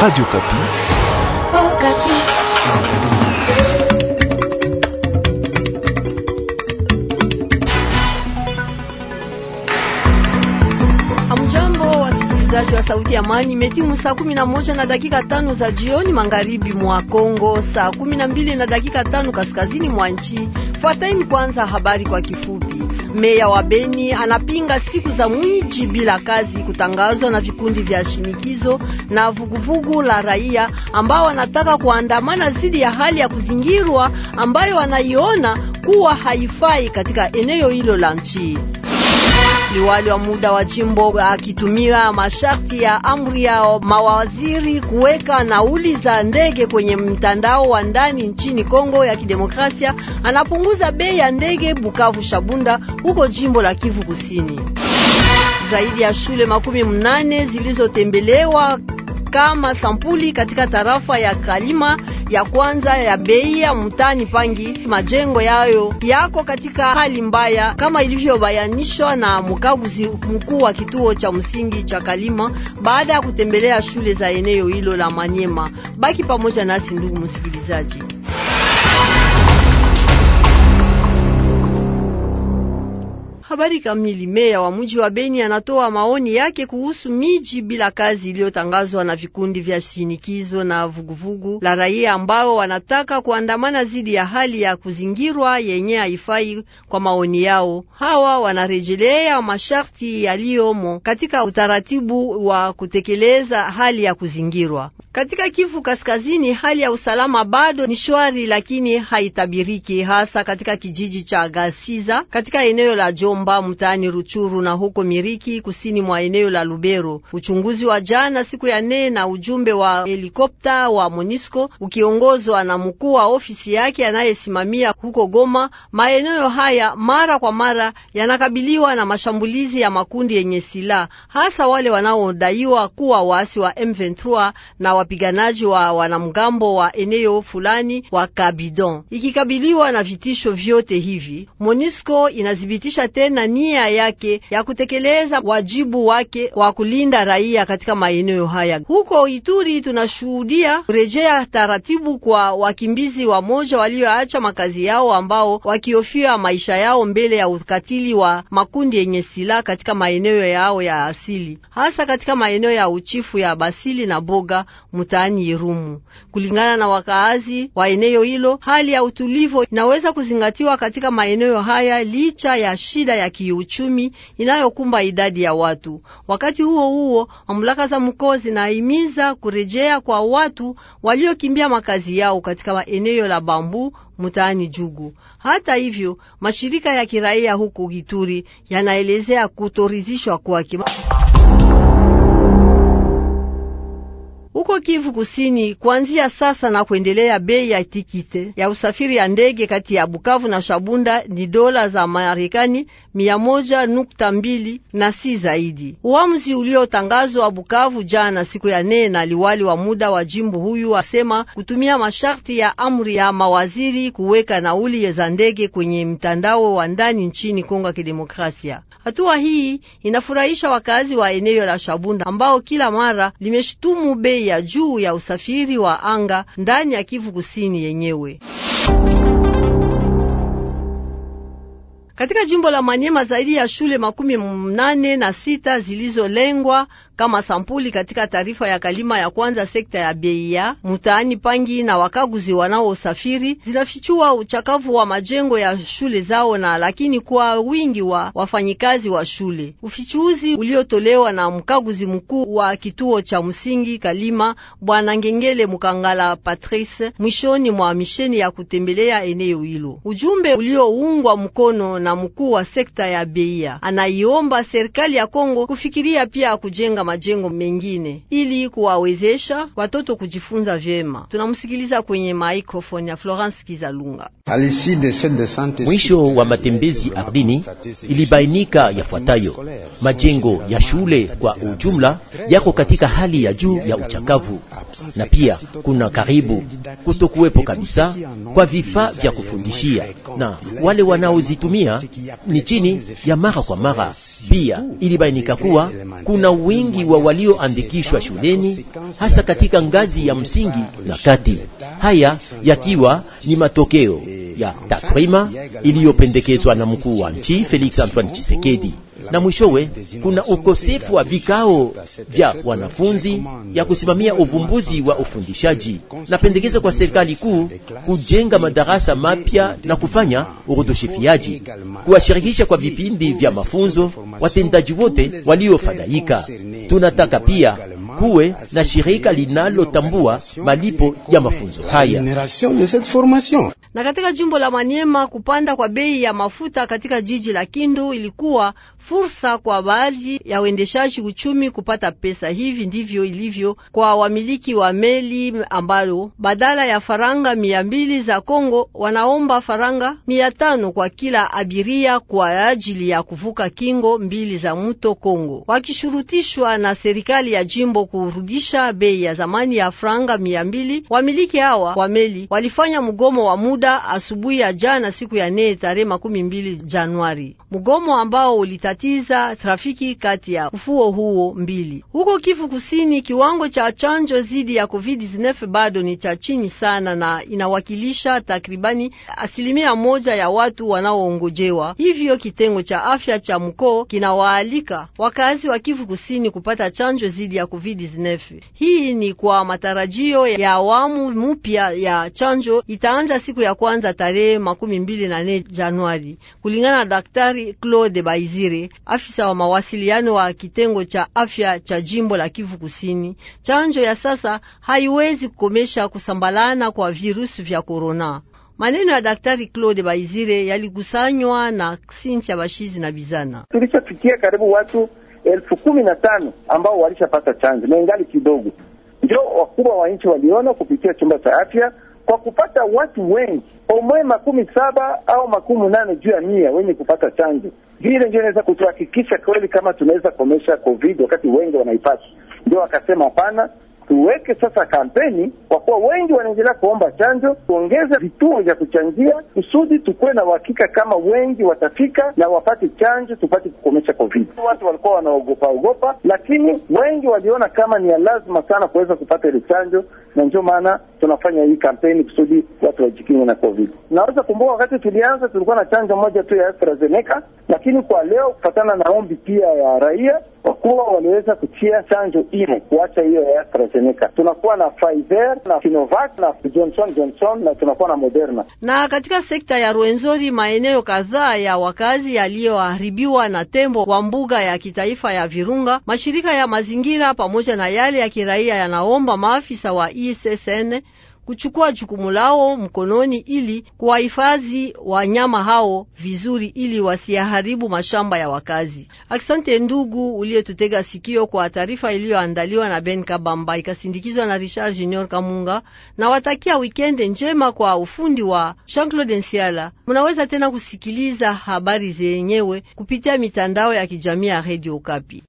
Radio Kapi. Oh, Kapi. Amjambo wasikilizaji wa sauti ya amani, imetimu saa 11 na dakika tano za jioni magharibi mwa Kongo, saa 12 na dakika tano kaskazini mwa nchi. fuataini kwanza habari kwa kifupi. Meya wa Beni anapinga siku za mwiji bila kazi kutangazwa na vikundi vya shinikizo na vuguvugu la raia ambao wanataka kuandamana dhidi ya hali ya kuzingirwa ambayo wanaiona kuwa haifai katika eneo hilo la nchi. Liwali wa muda wa jimbo akitumia masharti ya amri ya mawaziri kuweka nauli za ndege kwenye mtandao wa ndani nchini Kongo ya Kidemokrasia anapunguza bei ya ndege Bukavu Shabunda huko jimbo la Kivu Kusini. Zaidi ya shule makumi mnane zilizotembelewa kama sampuli katika tarafa ya Kalima ya kwanza ya bei ya mtani Pangi, majengo yayo yako katika hali mbaya kama ilivyobayanishwa na mkaguzi mkuu wa kituo cha msingi cha Kalima baada ya kutembelea shule za eneo hilo la Manyema. Baki pamoja nasi ndugu msikilizaji. habari kamili, meya wa mji wa Beni anatoa maoni yake kuhusu miji bila kazi iliyotangazwa na vikundi vya shinikizo na vuguvugu la raia ambao wanataka kuandamana dhidi ya hali ya kuzingirwa yenye haifai. Kwa maoni yao, hawa wanarejelea masharti yaliyomo katika utaratibu wa kutekeleza hali ya kuzingirwa. Katika Kivu Kaskazini, hali ya usalama bado ni shwari, lakini haitabiriki hasa katika kijiji cha Gasiza katika eneo la Jomba Mamba mtaani Ruchuru na huko Miriki kusini mwa eneo la Lubero. Uchunguzi wa jana siku ya nne na ujumbe wa helikopta wa Monisco ukiongozwa na mkuu wa ofisi yake anayesimamia huko Goma. Maeneo haya mara kwa mara yanakabiliwa na mashambulizi ya makundi yenye silaha, hasa wale wanaodaiwa kuwa waasi wa M23 na wapiganaji wa wanamgambo wa eneo fulani wa Kabidon. Ikikabiliwa na vitisho vyote hivi, Monisco inadhibitisha tena na nia yake ya kutekeleza wajibu wake wa kulinda raia katika maeneo haya. Huko Ituri tunashuhudia kurejea taratibu kwa wakimbizi wamoja walioacha makazi yao ambao wakihofia maisha yao mbele ya ukatili wa makundi yenye silaha katika maeneo yao ya asili, hasa katika maeneo ya uchifu ya Basili na Boga mtaani Irumu. Kulingana na wakaazi wa eneo hilo, hali ya utulivu inaweza kuzingatiwa katika maeneo haya licha ya shida ya kiuchumi inayokumba idadi ya watu. Wakati huo huo, mamlaka za mkoa zinahimiza kurejea kwa watu waliokimbia makazi yao katika eneo la Bambu mtaani Jugu. Hata hivyo, mashirika ya kiraia huko Gituri yanaelezea kutorizishwa kwake. Huko Kivu Kusini, kuanzia sasa na kuendelea, bei ya tikite ya usafiri ya ndege kati ya Bukavu na Shabunda ni dola za Marekani mia moja nukta mbili na si zaidi. Uamuzi uliotangazwa Bukavu jana siku ya nne na liwali wa muda wa jimbo huyu asema kutumia masharti ya amri ya mawaziri kuweka nauli za ndege kwenye mtandao wa ndani nchini Kongo ya Kidemokrasia. Hatua hii inafurahisha wakazi wa eneo la Shabunda ambao kila mara limeshutumu bei ya juu ya usafiri wa anga ndani ya Kivu Kusini yenyewe. Katika jimbo la Manyema zaidi ya shule makumi mnane na sita zilizolengwa kama sampuli katika taarifa ya kalima ya kwanza sekta ya Beia mutaani Pangi na wakaguzi wanaosafiri zinafichua uchakavu wa majengo ya shule zao na lakini kwa wingi wa wafanyikazi wa shule. Ufichuzi uliotolewa na mkaguzi mkuu wa kituo cha msingi Kalima Bwana Ngengele Mukangala Patrice mwishoni mwa misheni ya kutembelea eneo hilo. Ujumbe ulioungwa mkono na mkuu wa sekta ya Beia anaiomba serikali ya Kongo kufikiria pia kujenga majengo mengine ili kuwawezesha watoto kujifunza vyema. Tunamsikiliza kwenye microphone ya Florence Kizalunga. Mwisho wa matembezi ardhini ilibainika yafuatayo: majengo ya shule kwa ujumla yako katika hali ya juu ya uchakavu, na pia kuna karibu kutokuwepo kabisa kwa vifaa vya kufundishia, na wale wanaozitumia ni chini ya mara kwa mara. Pia ilibainika kuwa kuna wingi wa walioandikishwa shuleni, hasa katika ngazi ya msingi na kati, haya yakiwa ni matokeo ya takrima iliyopendekezwa na mkuu wa nchi Felix Antoine Tshisekedi. Na mwishowe kuna ukosefu wa vikao vya wanafunzi ya kusimamia uvumbuzi wa ufundishaji. Napendekeza kwa serikali kuu kujenga madarasa mapya na kufanya urudushifiaji, kuwashirikisha kwa vipindi vya mafunzo watendaji wote waliofadhaika. Tunataka pia kuwe na shirika linalotambua malipo ya mafunzo haya. Na katika jimbo la Maniema, kupanda kwa bei ya mafuta katika jiji la Kindu ilikuwa fursa kwa baadhi ya waendeshaji uchumi kupata pesa. Hivi ndivyo ilivyo kwa wamiliki wa meli ambalo badala ya faranga mia mbili za Kongo wanaomba faranga mia tano kwa kila abiria kwa ajili ya kuvuka kingo mbili za mto Kongo, wakishurutishwa na serikali ya jimbo kurudisha bei ya zamani ya faranga mia mbili. Wamiliki hawa wa meli walifanya mgomo wa muda muda asubuhi ya jana, siku ya nne tarehe makumi mbili Januari, mgomo ambao ulitatiza trafiki kati ya ufuo huo mbili. Huko Kivu Kusini, kiwango cha chanjo dhidi ya COVID-19 bado ni cha chini sana na inawakilisha takribani asilimia moja ya watu wanaoongojewa. Hivyo kitengo cha afya cha mkoo kinawaalika wakazi wa Kivu Kusini kupata chanjo dhidi ya COVID-19. Hii ni kwa matarajio ya awamu mpya ya chanjo itaanza siku ya ya kwanza tarehe makumi mbili na nne Januari, kulingana na Daktari Claude Baizire, afisa wa mawasiliano wa kitengo cha afya cha jimbo la Kivu Kusini. Chanjo ya sasa haiwezi kukomesha kusambalana kwa virusi vya korona. Maneno ya Daktari Claude Baizire yalikusanywa na Sintia Bashizi na Bizana. Tulishafikia karibu watu elfu kumi na tano ambao walishapata chanjo na ingali kidogo, ndio wakubwa wa nchi waliona kupitia chumba cha afya kwa kupata watu wengi omwe makumi saba au makumi nane juu ya mia wenye kupata chanjo. Vile ndio inaweza kutuhakikisha kweli kama tunaweza komesha COVID wakati wengi wanaipata. Ndio wakasema hapana, tuweke sasa kampeni, kwa kuwa wengi wanaendelea kuomba chanjo, tuongeze vituo vya kuchanjia kusudi tukuwe na uhakika kama wengi watafika na wapate chanjo, tupate kukomesha COVID. Watu walikuwa wanaogopa ogopa, lakini wengi waliona kama ni ya lazima sana kuweza kupata ile chanjo, na ndio maana tunafanya hii kampeni kusudi watu wajikinge na COVID. Naweza kumbuka wakati tulianza tulikuwa na chanjo moja tu ya AstraZeneca, lakini kwa leo kufatana na ombi pia ya raia kwa kuwa waliweza kutia chanjo ile, kuacha hiyo ya AstraZeneca. Tunakuwa na Pfizer na Sinovac na Johnson Johnson na tunakuwa na Moderna. Na katika sekta ya ruenzori maeneo kadhaa ya wakazi yaliyoharibiwa na tembo wa mbuga ya kitaifa ya Virunga, mashirika ya mazingira pamoja na yale ya kiraia yanaomba maafisa wa ISSN kuchukua jukumu lao mkononi ili kuwahifadhi wanyama hao vizuri ili wasiharibu mashamba ya wakazi. Asante ndugu uliyetutega sikio kwa taarifa iliyoandaliwa na Ben Kabamba ikasindikizwa na Richard Junior Kamunga, nawatakia watakia wikende njema kwa ufundi wa Jean-Claude Nsiala. Munaweza tena kusikiliza habari zenyewe kupitia mitandao ya kijamii ya Radio Okapi.